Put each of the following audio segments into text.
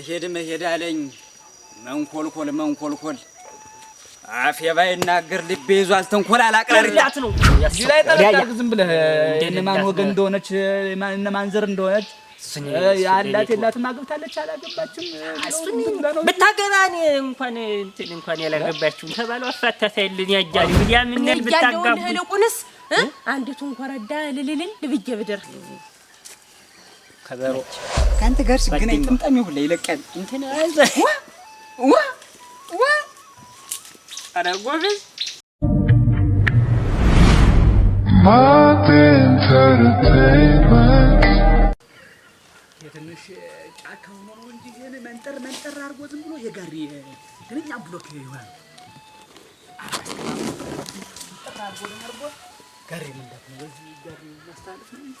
እሄድ መሄድ አለኝ መንኮልኮል መንኮልኮል አፌ ባይናገር ልቤ ይዟል ተንኮል አላቅረርዳት ነው ላይ ጠረዳርግ ዝም ብለህ የነማን ወገን እንደሆነች የነማን ዘር እንደሆነች ያላት የላትም አግብታለች አላገባችም ብታገባ እኔ እንኳን እንትን እንኳን ያላገባችሁም ተባለ አፋታታ የለን ያጃል ያ ምንል ብታጋቡ ልቁንስ አንዲቱን ኮረዳ ልልልል ብዬ ብደር ከበሮ ከአንተ ጋር ስገና ጥምጣም ሁላ ይለቃል። እንትን ኧረ ጎበዝ የትንሽ ጫካ ሆኖ ነው እንጂ ይሄን መንጠር መንጠር አድርጎ ዝም ብሎ የጋሪ ግንኛ ብሎክ ይሆናል። ጋሪ ምንዳት ነው በዚህ ጋሪ ማስተላለፍ ነው እንጂ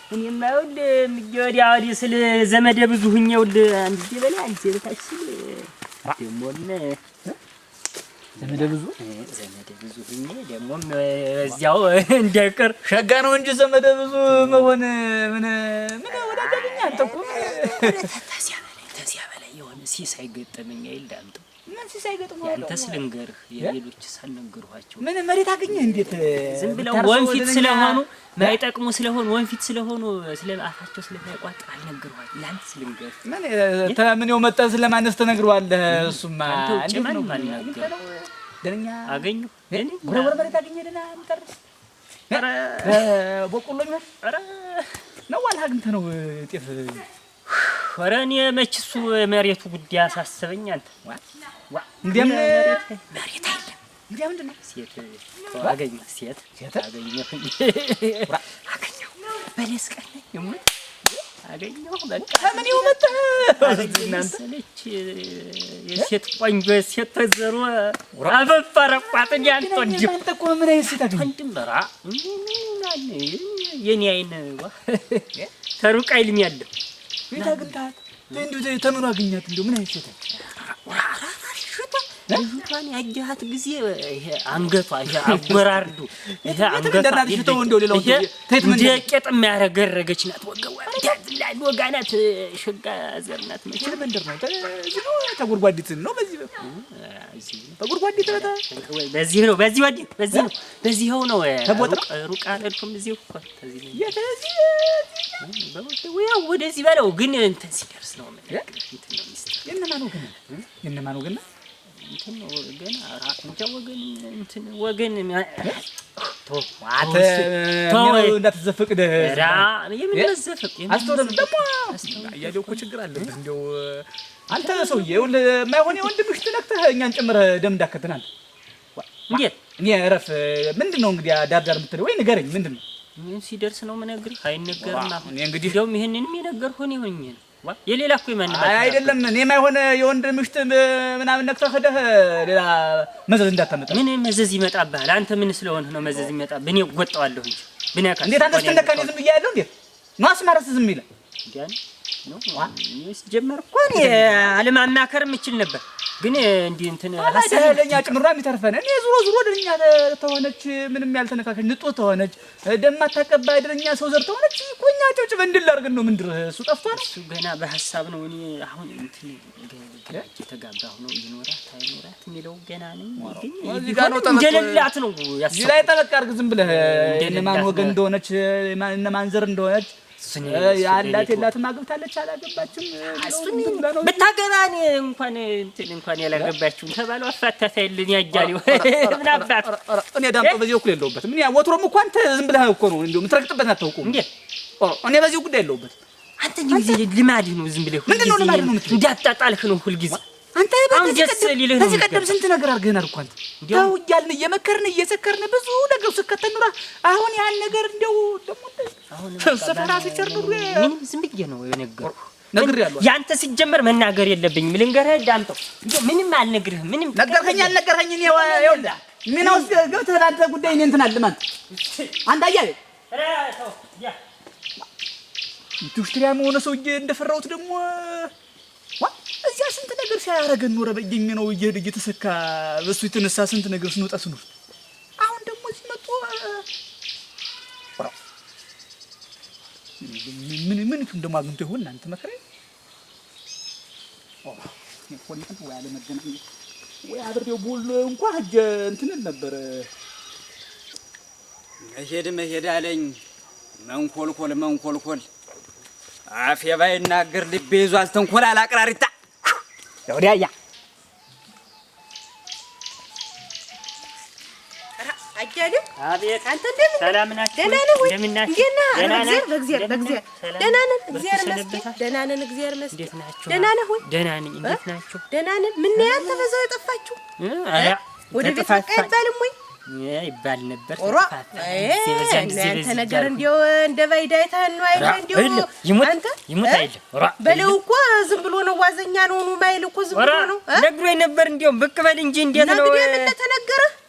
እኔማ ይኸውልህ ወዲያ ወዲህ ስል ዘመደ ብዙ ሁኜ ይኸውልህ አንድ አንድ በታች ስል ደግሞም ብዙ ብዙ ሁኜ ደግሞም እዚያው ሸጋ ነው እንጂ ብዙ መሆን ምን ምን አንተ እኮ ተዚያ በላይ ተዚያ በላይ የሆነ ሲሳይ ገጠመኝ አይደል ምን ሲሳይ ገጥሞ ያለው ያንተስ ልንገርህ፣ የሌሎች ሳልነገርኋቸው ምን መሬት አገኘህ? እንዴት ዝም ብለው ወንፊት ስለሆኑ ማይጠቅሙ ስለሆኑ ወንፊት ስለሆኑ ስለአፋቸው ስለማይቋጥ አልነገርኋቸው። ያንተስ ልንገርህ፣ ምን ተምን የው መጣ ስለማነስ ተነግሯለህ። እሱማ እንዴት ነው ማናገር ደኛ አገኘሁ እኔ ጉራጉራ መሬት አገኘህ? ደና አንተርስ ኧረ በቆሎ ይሆን ኧረ ነው ዋልህ አግኝተህ ነው ጤፍ ኧረ እኔ መች እሱ መሬቱ ጉዳይ አሳሰበኝ። አንተ እንደምን መሬት ሴት አገኘሁ፣ ሴት በለስ ቀን አገኘሁ። የሴት ቆንጆ የሴት ተዘሮ ያንተ ወንድም ምን አይነት ሴት አገኘሁ የኔ አይን ቤት አግኝተሀት እንዲሁ አገኛት እንደው ምን አይነት ሴት ልጅቷን ያየሃት ጊዜ ይሄ አንገቷ ይሄ አጎራርዱ ይሄ አንገቷ እንደው እንደ ቄጥ የሚያረገረገች ናት ወገቧ እንደዚህ ላሉ ወጋናት ሸጋ ዘር መቼ መንደር ነው? በዚህ ነው ተጎድጓዲት ነው። በዚህ ተጎድጓዲት በዚህ ነው። በዚህ ወዲህ በዚህ ነው። በዚህ ይኸው ነው። ሩቅ አልሄድኩም። እዚሁ እኮ ያው ወደዚህ በለው ግን እንትን ሲደርስ ነው የእነማን ወገን የእነማን ወገን እንትን ወገን ወገን አንተ እንዳትዘፈቅደህ አስተውለህ ደግሞ እያለሁ እኮ ችግር ሰውዬ የማይሆን የወንድምሽ ትነክተህ እኛን ጨምረህ ደም እንዳከተናል። እንዴት እኔ እረፍ። ምንድን ነው እንግዲህ ዳር የምትለው ወይ ንገረኝ። ምንድን ነው ሲደርስ ነው የምነግርህ። አይነገርም። አሁን እንግዲህ እንደውም ይህንንም የነገርኩህን ይሆኝ ነው የሌላ እኮ የማንም አይደለም። እኔም አይሆን የወንድ ምሽት ምናምን ነክተህ ሄደህ ሌላ መዘዝ እንዳታመጣ። ምን መዘዝ ይመጣብሃል? አንተ ምን ስለሆንህ ነው መዘዝ ይመጣብህ? እኔ እወጣዋለሁ እንጂ ብነካ እንዴት አንተ ስትነካ እኔ ዝም ብዬሽ ያለው እንዴት ነው አስማረስ ዝም ይላል? እንዴ ነው ዋ እኮ እኔ አለማማከር የምችል ነበር ግን እንዲህ እንትን ሀሳብ ለኛ ጭምራ የሚተርፈን እኔ ዙሮ ዙሮ ደኛ ተሆነች ምንም ያልተነካከች ንጡህ ተሆነች ደማታቀባ ደኛ ሰው ዘር ተሆነች ኮኛ እኛ ጭብጭብ እንድላርግ ነው ምንድር እሱ ጠፍቷ ነው። እሱ ገና በሀሳብ ነው። እኔ አሁን እንትን የተጋባሁ ነው ይኖራት አይኖራት የሚለው ገና ነኝ። እንደሌላት ነው ያሳ ላይ ጠበቅ አድርግ ዝም ብለህ እነማን ወገን እንደሆነች እነማን ዘር እንደሆነች ያላት የላትም አግብታለች አላገባችም ብታገባ እኔ እንኳን እንትን እንኳን ያላገባችሁም ተባለው አፋታታይልን ምን አባት እኔ ዳምጦ በዚህ በኩል የለሁበትም። እኔ ወትሮም እኮ አንተ ዝም ብለህ እኮ ነው እንዲሁ የምትረግጥበት አታውቁም። እኔ በዚህ ጉዳይ አንተ ጊዜ ልማድህ ነው። ዝም ብለህ ምንድን ነው ልማድህ ነው እንዳጣጣልህ ነው ሁልጊዜ አንተ በዚህ ቀደም ስንት ነገር አድርገናል እኮ አንተ ተው እያልን እየመከርን እየሰከርን ብዙ ነገር ስከተል አሁን ያን ነገር እንደው ደግሞ ሰፈራ ሲቸር ኑሮ ምንም ዝም ብዬ ነው ያንተ ሲጀመር መናገር የለብኝም። ልንገርህ ዳምጠው ምንም አልነግርህም። ምንም ነገርከኝ አልነገርኸኝ ይወላ ምን አውስ ገብተህ ለአንተ ጉዳይ እኔ እንትን አንድ አያ ኢንዱስትሪያ መሆነ ሰውዬ እንደፈራሁት ደግሞ እዚያ ስንት ነገር ሲያረገን ኖረ። በየኛ ነው እየሄደ እየተሰካ በእሱ የተነሳ ስንት ነገር ስንወጣ ስኖር፣ አሁን ደግሞ እዚህ መጡ። ምን ምንቱ እንደሞ አግኝቶ ይሆን እናንተ መከራ ሆነት ወይ አለመገናኘት ወይ አብሬው ቡል እንኳ ሂጅ እንትንል ነበረ መሄድ መሄድ አለኝ መንኮልኮል መንኮልኮል አፌ ባይናገር ልቤ ይዟል ተንኮል አላቅራሪታ എവിടെയാ അയ്യ ደህና ነን። ምን ያህል ተበዛው የጠፋችሁ ወደ ቤት ይባል ነበር። ያንተ ነገር እንዲያው እንደ ባይዳ አይተኸን አይደል? እንዲያው ይሙት ይሙት አይልም በለው እኮ ዝም ብሎ ነው። ዋዘኛ ነው ማይል እኮ ዝም ብሎ ነው ነግሮኝ ነበር። እንዲያውም ብቅ በል እንጂ እንዴት ነው? ነግዴ ምን ተነገረህ?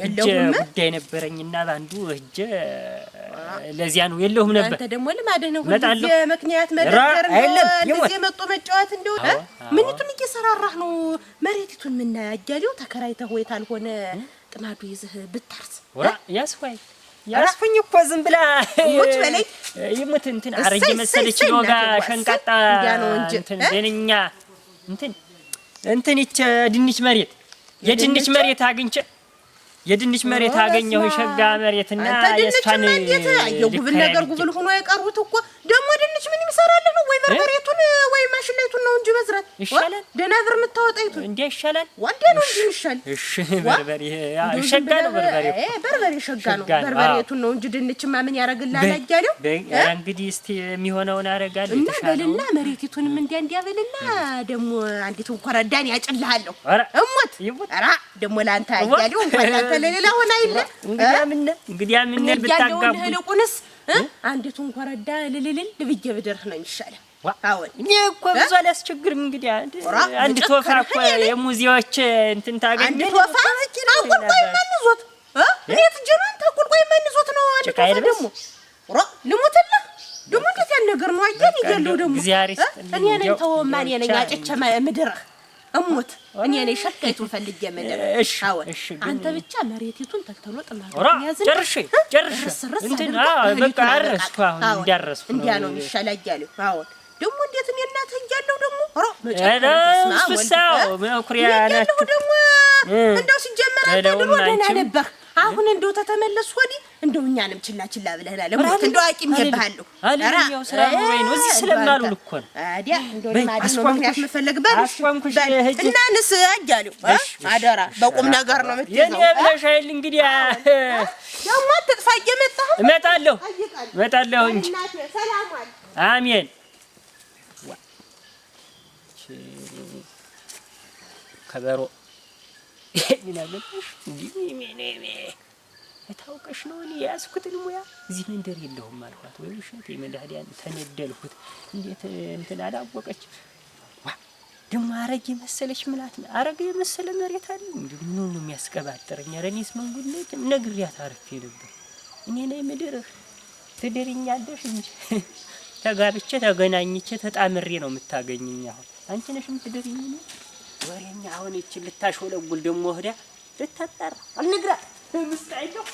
የለሁም ጉዳይ ነበረኝና ባንዱ እጀ ለዚያ ነው የለሁም ነበር። አንተ ደግሞ ልማድህ ነው ሁሉ ምክንያት መደረር ነው ጊዜ መጦ መጫወት እንደው ምንቱን እየሰራራህ ነው። መሬቲቱን ምን ያያያለው ተከራይተህ ወይ ታልሆነ ጥማዱ ይዝህ ብታርስ ወራ ያስፋይ ያስፈኝ እኮ ዝም ብላ ሞት በለኝ ይሙት እንትን አረጀ መሰለች ወጋ ሸንቃጣ እንትን ደንኛ እንትን እንትን ይች ድንች መሬት የድንች መሬት አግኝቼ የድንች መሬት አገኘሁ የሸጋ መሬትና የስፋን ድንች ጉብል ነገር ጉብል ሆኖ የቀሩት እኮ ደግሞ ድንች ምን ይሰራል? ወይ በርበሬቱን ወይ ማሽላይቱን ነው እንጂ መዝራት ይሻላል። ደናብር የምታወጣይቱ እንዴ ይሻላል። ወንዴ ነው እንጂ ይሻል። እሺ በርበሬ ሸጋ ነው። በርበሬ በርበሬ ሸጋ ነው። በርበሬቱን ነው እንጂ ድንችማ ምን ያደርግልሃል? አያሌው እንግዲህ እስቲ የሚሆነውን አደርጋለሁ። እና በልና መሬቲቱንም እንዲያ እንዲያ በልና ደግሞ አንዲት ኮረዳን ያጭልሃለሁ። እሞት ኧረ ደግሞ ለአንተ አያሌው እንኳን ለአንተ ለሌላ ሆነ አይለ እንግዲህ ምን እንግዲህ ምን ብታጋቡ አንዲቱን ኮረዳ ልልልል ብዬ ብድርህ ነው የሚሻለው። አሁን እኔ እኮ ብዙ አላስቸግርም። እንግዲህ አንድ ቶፋ እኮ የሙዚዎች እንትን ታገኝ አንድ ቶፋ አቁልቆይ እሙት እኔ ላይ ሸካይቱን ፈልጌ መደረ እሺ፣ እሺ፣ አንተ ብቻ መሬቲቱን ተልተሎ ጥማት ነው አሁን እንደው ሲጀመር ወዲህ እንደው እኛንም ችላ ችላ ብለህና ሞት እንደው አቂም ገብሃለሁ። ኧረ ስራ ኑሮዬ ነው እዚህ ስለማሉ እኮ እንደው ነው ምክንያት አደራ በቁም ነገር ነው የኔ ብለሽ አይል እንግዲህ ደግሞ አትጥፋ። እየመጣሁ እመጣለሁ እመጣለሁ እንጂ አሜን ከበሮ ታውቀሽ ነው እኔ የያዝኩትን ሙያ እዚህ መንደር የለውም አልኋት። ወይ ውሸት የመድህዲያን ተነደልኩት። እንዴት እንትን አላወቀች ዋ ደግሞ አረግ የመሰለች ምላት አረግ የመሰለ መሬት አለ እንዲ ምኑ ነው የሚያስቀባጥረኝ? ኧረ እኔስ መንጉነት ነግሬያት አርፌ ነበር። እኔ ላይ ምድር ትድርኛለሽ እንጂ ተጋብቼ ተገናኝቼ ተጣምሬ ነው የምታገኝኝ። አሁን አንቺ ነሽ የምትድርኝ ወሬኛ። አሁን ይችን ልታሾለጉል ደግሞ ህዳ ልታጣራ አልነግራት በምስጣይለው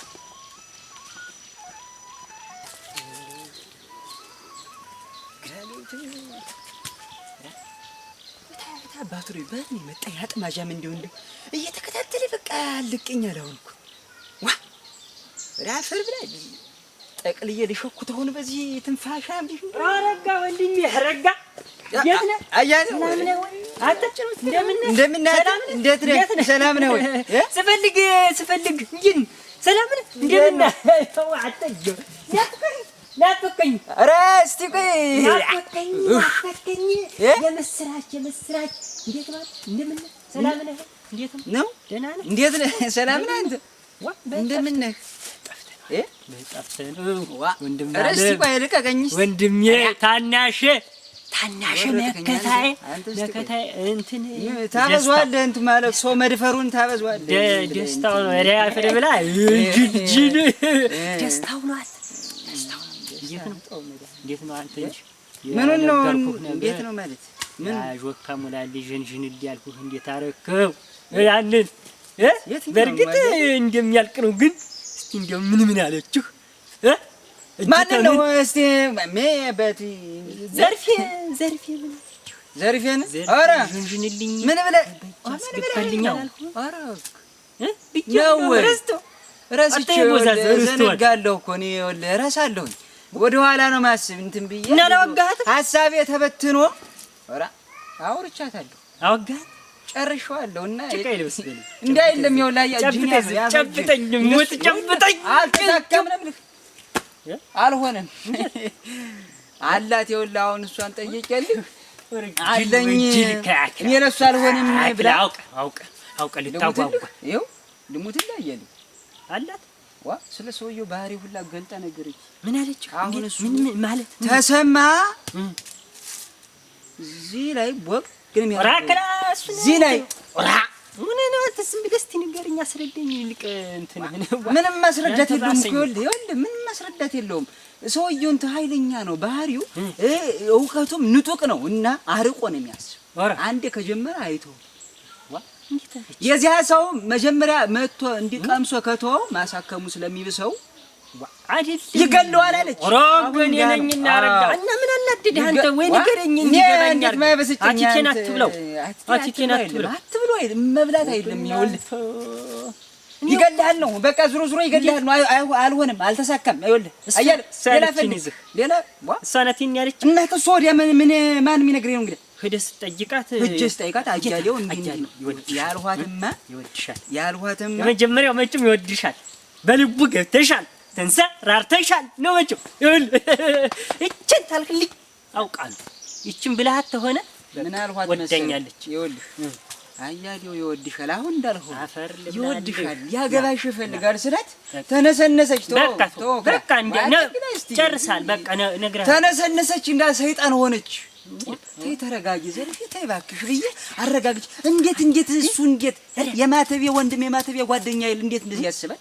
አባቱሪ በእኔ መጣ ያጥማዣም እንዲሁ እንዲሁ እየተከታተለ በቃ ልቅኝ አለሁን ዋ ራፈር ብላ ጠቅልዬ ልሾኩት አሁን በዚህ ትንፋሻ ምንድን ነው? ኧረ ወንድሜ ረጋ የት ነህ? ምናምን ሰላም ነው ስፈልግ ስፈልግ እንጂን ሰላም ነህ? እንደምን ነህ? ናፈቀኝ። ኧረ እስኪ ቆይ ናፈቀኝ፣ የምስራች የምስራች! እንዴት ነህ? እንደምን ሰላም ነህ? እንዴት ነው? ደህና ነህ? እንዴት ነህ? ሰላም ነህ? አንተ እንደምን ነህ? ጠፍተህ ነው ወንድሜ። ኧረ ወንድሜ ታናሼ ታናሽ መከታይ መከታይ እንትን ታበዟለህ፣ እንትን ማለት ሰው መድፈሩን ታበዟለህ። ደስታው ነው ሬ አፍር ብላ ጅጅን ደስታው ነው እንዴት ነው አንተ እንጂ ምኑን ነው እንዴት ነው ማለት ምን ጆካ ሙላል ዥንዥን እያልኩህ እንዴት አረከው ያንን በእርግጥ እንደሚያልቅ ነው። ግን እስቲ እንደው ምን ምን አለችሁ? ማንን ነው እስቲ? በት ዘርፌ ዘርፌ ዘርፌን ኧረ ምን ብለህ እዘነጋለሁ እኮ እኔ ይኸውልህ ነው ማስብ እንትን ብዬ ሀሳቤ ተበትኖ አውርቻታለሁ፣ አወጋት ጨርሼዋለሁ እና እንዳይለም ይኸውልህ ጨብጠኝ፣ ጨብጠኝ፣ አልተሳካም ነው የምልህ አልሆነም አላት። ይኸውልህ አሁን እሷን ጠይቄልህ አለኝ እኔ ለእሱ አልሆንም ብላ አውቀህ ልታጓጓ ይኸው ልሙትልህ አየልኝ አላት። ዋ ስለ ሰውየው ባህሪ ሁላ ገልጣ ነገረች። ምን አለች? አሁን እሱ ማለት ተሰማ እዚህ ላይ ቦቅ ግን እዚህ ላይ ምን ነው አትስም ብለህ እስኪ ንገረኝ፣ አስረዳኝ። ይልቅ እንትን ምንም ማስረዳት የለውም እኮ ይኸውልህ፣ ይኸውልህ ምንም ማስረዳት የለውም። ሰውየው እንትን ኃይለኛ ነው ባህሪው፣ እውቀቱም ንጡቅ ነው እና አርቆ ነው የሚያስብ። አንዴ ከጀመረ አይቶ የዚያ ሰው መጀመሪያ መጥቶ እንዲቀምሶ ከተወው ማሳከሙ ስለሚብሰው ይገለዋል አለች። ሮግን የነኝና አረጋ እና ምን አናደደህ አንተ? ወይ ንገረኝ እንዲገባኛል። አቲቴን አትብለው፣ አቲቴን አትብለው፣ አትብለው። መብላት አይደለም ይኸውልህ፣ ይገልሃል ነው በቃ ዙሮ ዙሮ ይገልሃል ነው። አልሆነም፣ አልተሳካም። ይኸውልህ አያል ሌላ ፈልግ፣ ሌላ እሷነቴን ያለች እናት እሱ ወዲያ ምን ማን የሚነግረኝ ነው እንግዲህ ሂደህ ስጠይቃት ሂጅ ስጠይቃት፣ አያሌው እንግዲህ ያልኋትማ፣ ይወድሻል። ያልኋትማ መጀመሪያው መቼም ይወድሻል፣ በልቡ ገብተሻል ተንሰራርተሻል ነው መቼም። ይኸውልህ ይችን ታልክልኝ አውቃለሁ። ይችን ብልሃት ተሆነ ምን አልኋት ወዳኛለች። ይኸውልህ አያሌው ይወድሻል። አሁን እንዳልሆነ አፈር ይወድሻል፣ ያገባሽ ይፈልጋል ስለት ተነሰነሰች። በቃ ጨርሳል። በቃ ነግራ ተነሰነሰች። እንዳ ሰይጣን ሆነች። ተይ ተረጋጊ፣ ዘርፌ ተይ እባክሽ ብዬ አረጋግች። እንዴት እንዴት እሱ እንዴት የማተቤ ወንድም የማተቤ ጓደኛ ይል እንዴት እንደዚህ ያስባል?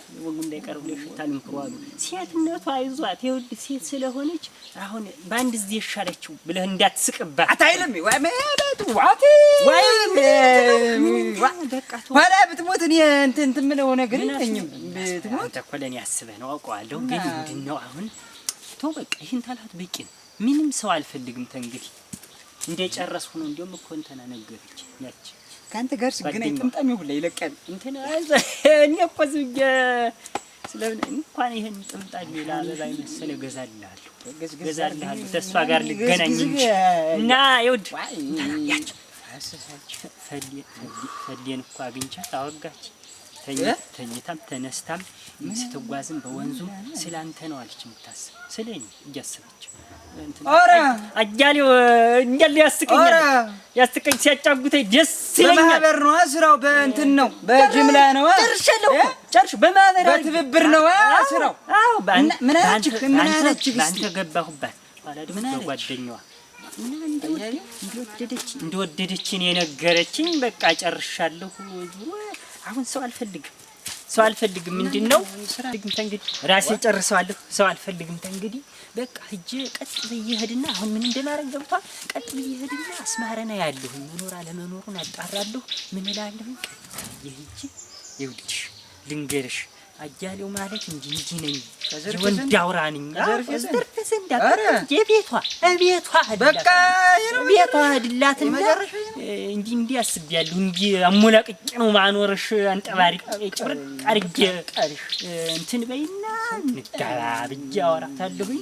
ወጉ እንዳይቀርብልሽ ሽታ ልምክሩ አሉ። ሴትነቷ አይዟት የውድ ሴት ስለሆነች አሁን በአንድ ጊዜ የሻለችው ብለህ እንዳትስቅባት። አታይልም ኋላ ብትሞት እኔ እንትን እንትን የምለው ነገር የለኝም። ብትሞት እኮ ለእኔ አስበህ ነው አውቀዋለሁ። ግን ምንድን ነው አሁን ተው በቃ ይህን ታላት በቂ ነው። ምንም ሰው አልፈልግም ተንግዲህ እንደጨረስኩ ነው። እንዲሁም እኮ እንተና ነገረች ነች ከአንተ ጋር ስገና ጥምጣም ሁላ ይለቃል። እንትን እኔ እኮ ዝም ስለምን እንኳን ይሄን ጥምጣም ሌላ አበባ ገዛልሃለሁ ገዛልሃለሁ ተስፋ ጋር ልገናኝ እንጂ እና ይውድ ፈሌን እኮ አግኝቻት አወጋች ተኝታም ተነስታም ስትጓዝም በወንዙ ስለ አንተ ነው አለች የምታስብ ስለ እኔ እያሰበች አያሌው እንዳለ ያስቀኛል። ያስቀኝ ሲያጫጉተኝ ደስ ይለኛል። በማህበር ነው ስራው፣ በእንትን ነው፣ በጅምላ ነው ጨርሻለሁ ጨርሽ። በማህበር በትብብር ነው ስራው። አዎ ምን አለችህ? ምን አለችህ? አንተ ገባሁባት ማለት ነው ጓደኛዋ እንደወደደች እኔ የነገረችኝ በቃ ጨርሻለሁ። አሁን ሰው አልፈልግም ሰው አልፈልግም። ምንድን ነው ራሴ ጨርሰዋለሁ። ሰው አልፈልግም። ተንግዲህ በቃ ሂጅ ቀጥ ብዬ እሄድና አሁን ምን እንደማረግ ገብቷል። ቀጥ ብዬ እሄድና አስማረና ያለሁኝ መኖር አለመኖሩን አጣራለሁ። ምን እላለሁ? ቀጥ ብዬ ሂጅ ይኸውልሽ ልንገርሽ አያሌው ማለት እንጂ እንጂ ነኝ ወንድ አውራ ነኝ። የቤቷ ቤቷ በቃ ቤቷ ድላትና እንዲህ እንዲህ አስቤያለሁ። እንዲህ አሞላቅቄ ነው ማኖርሽ። አንጠባሪቄ ጭብርቅ አድርጌ እንትን በይና እንጋባ ብዬሽ አወራታለሁኝ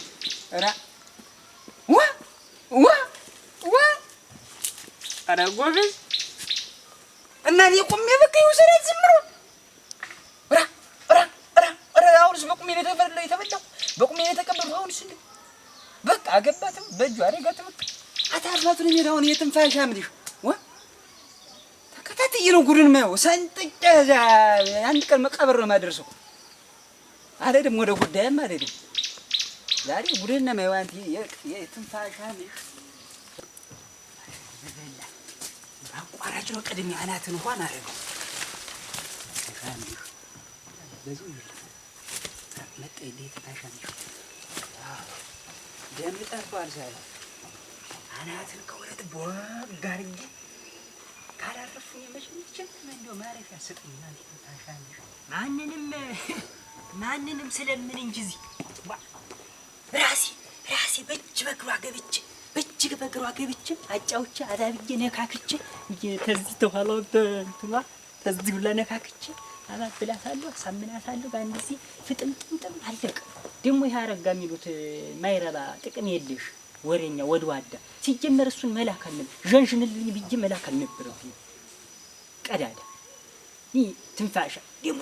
ኧረ ጎበዝ እና እኔ ቁሜ በቃ ይኸው ነው የተበላሁ፣ በቁሜ ተከታትዬ ነው ጉድን የማየው። ሰንጥቄ አንድ ቀን መቃብር ነው የማደርሰው። አልሄድም ወደ ጉዳይም አልሄድም። ዛሬ ቡድን ነው የማይዋን የትንፋሻን አቋራጭ ነው። ቅድሚያ አናት እንኳን አደረገው ደም አናትን ከሁለት እንደው ማረፊያ ማንንም ማንንም ስለምን እንጂ እዚህ በእግሯ ገብቼ በእጅግ በእግሯ ገብቼ አጫውቼ አዳብዬ ነካክቼ ተዚህ ተኋላው በእንትኗ ተዚህ ሁላ ነካክቼ አባብላታለሁ፣ አሳምናታለሁ። በአንድ ጊዜ ፍጥምጥምጥም አለቀ። ደግሞ ይህ አረጋ የሚሉት ማይረባ ጥቅም የለሽ ወሬኛ ወድዋዳ ሲጀመር እሱን መላክ አልነበረ ዣንሽንልኝ ብዬ መላክ አልነበረብኝ። ቀዳዳ ትንፋሻ ደግሞ